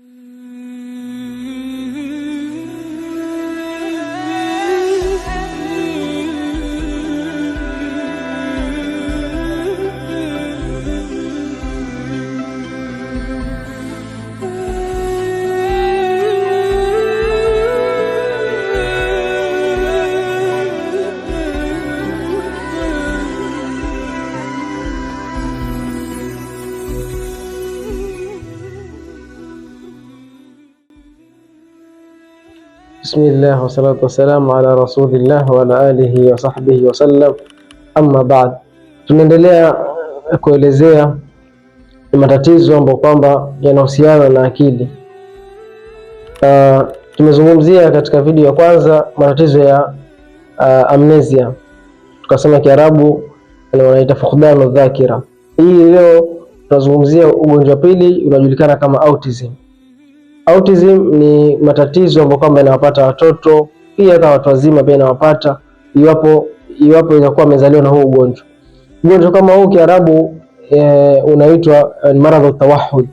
Mm. Bismillah wassalatu wassalamu ala rasulillah wa ala alihi wa sahbihi wasallam, amma baad. Tunaendelea eh, kuelezea matatizo ambayo kwamba yanahusiana na akili. Uh, tumezungumzia katika video ya kwanza matatizo ya uh, amnesia, tukasema Kiarabu wanaita fukdanu dhakira. Hii leo tunazungumzia ugonjwa pili unajulikana kama autism. Autism ni matatizo ambayo kwamba inawapata watoto pia hata watu wazima pia inawapata iwapo iwapo inakuwa amezaliwa na huu ugonjwa. Ugonjwa kama huu Kiarabu e, unaitwa eh, maradhi at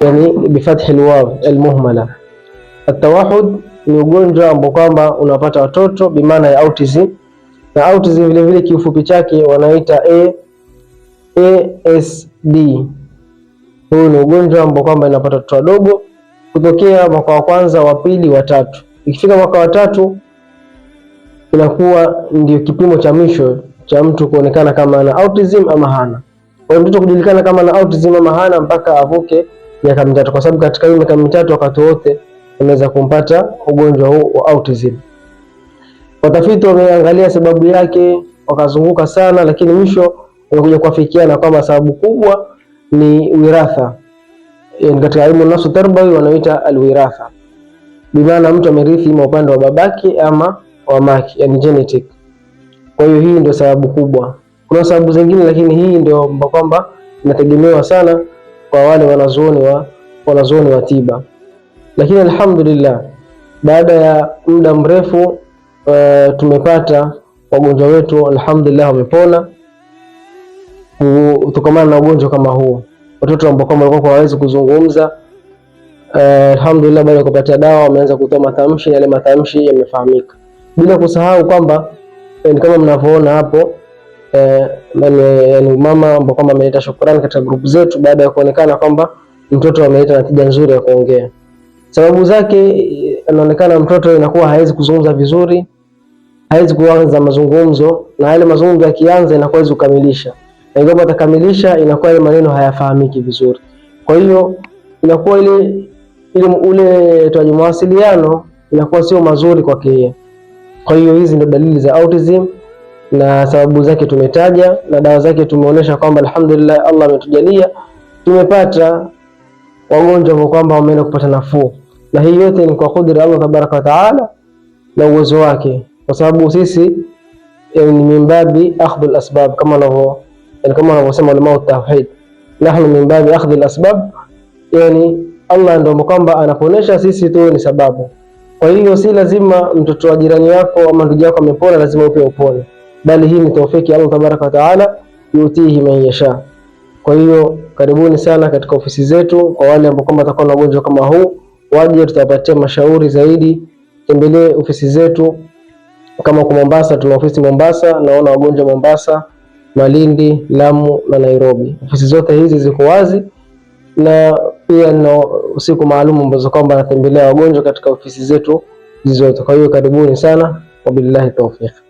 yani bifathi alwaw almuhmala. Atawahud ni ugonjwa ambao kwamba unapata watoto bimaana ya autism, na autism vile vile kiufupi chake wanaita A, ASD. Huu ni ugonjwa ambao kwamba inapata watoto wadogo kutokea mwaka wa kwanza, wa pili, wa tatu. Ikifika mwaka wa tatu inakuwa ndio kipimo cha mwisho cha mtu kuonekana kama ana autism ama hana. Kwa hiyo mtoto kujulikana kama ana autism ama hana mpaka avuke miaka mitatu, kwa sababu katika hiyo miaka mitatu wakati wote anaweza kumpata ugonjwa huu wa autism. Watafiti wameangalia sababu yake, wakazunguka sana, lakini mwisho wamekuja kuafikiana kwamba sababu kubwa ni wiratha yani katika ilmu nasu tarbawi wanaita alwiratha, bimaana mtu amerithi ima upande wa babake ama wa mamake, yani genetic. Kwa hiyo hii ndio sababu kubwa. Kuna sababu zingine, lakini hii ndio kwamba inategemewa sana kwa wale wanazuoni wa wanazuoni wa tiba. Lakini alhamdulillah, baada ya muda mrefu e, tumepata wagonjwa wetu alhamdulillah wamepona kutokana na ugonjwa kama huo watoto ambao kwamba walikuwa hawawezi kuzungumza. Eh, alhamdulillah, baada ya kupata dawa wameanza kutoa matamshi, yale matamshi yamefahamika, bila kusahau kwamba eh, kama mnavyoona hapo eh, ni mama ambao kwamba ameleta shukrani katika group zetu baada ya kuonekana kwamba mtoto ameleta natija nzuri ya kuongea. Sababu zake anaonekana mtoto inakuwa hawezi kuzungumza vizuri, hawezi kuanza mazungumzo, na yale mazungumzo yakianza inakuwa hawezi kukamilisha endapo atakamilisha, inakuwa ile maneno hayafahamiki vizuri. Kwa hiyo inakuwa ile ile ule toaji mawasiliano inakuwa sio mazuri kwake. Kwa hiyo hizi ndio dalili za autism na sababu zake tumetaja na dawa zake tumeonyesha kwamba alhamdulillah, Allah ametujalia tumepata wagonjwa ambao kwamba wameenda kupata nafuu, na hii yote ni kwa kudira Allah tabaraka wa taala na uwezo wake, kwa sababu sisi eh, ni mimbabi akhdhul asbab kama navyo yani kama wanavyosema ulama wa tauhid, nahnu min babi akhdhi al-asbab, yani Allah ndio kwamba anaponesha sisi tu ni sababu. Kwa hiyo si lazima mtoto wa jirani yako ama ndugu yako amepona lazima upe upone, bali hii ni tawfiki Allah tabaraka wa taala, yutihi man yasha. Kwa hiyo karibuni sana katika ofisi zetu. Kwa wale ambao kwamba watakuwa na ugonjwa kama huu, waje, tutawapatia mashauri zaidi. Tembelee ofisi zetu, kama kwa Mombasa tuna ofisi Mombasa, naona wagonjwa Mombasa Malindi, Lamu na Nairobi. Ofisi zote hizi ziko wazi na pia na siku maalum ambazo kwamba anatembelea wagonjwa katika ofisi zetu zote. Kwa hiyo karibuni sana, wabillahi tawfiq.